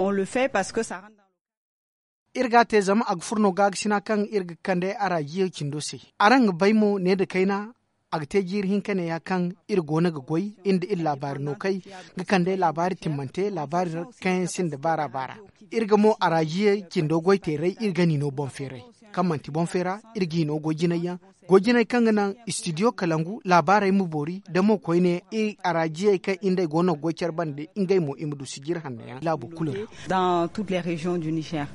on le fait parce que ça rentre dans irga te zama ag furno gag sina kan irga kande ara yiyo kindo se arang ne da kaina ag te hin kane ya kan irgo na ga goy inda il labari no kai ga kande labari timmante labari kan sin da bara bara irga mo ara yiyo kindo te rai irga ni no bon fere kamanti bonfera irgino gojinaya gojinai kangana studio kalangu labarai mu bori da mo koine i arajiai ka indai gono gochar bande ingai mo imdu sigir hanaya labu kulura dans toutes les régions du Niger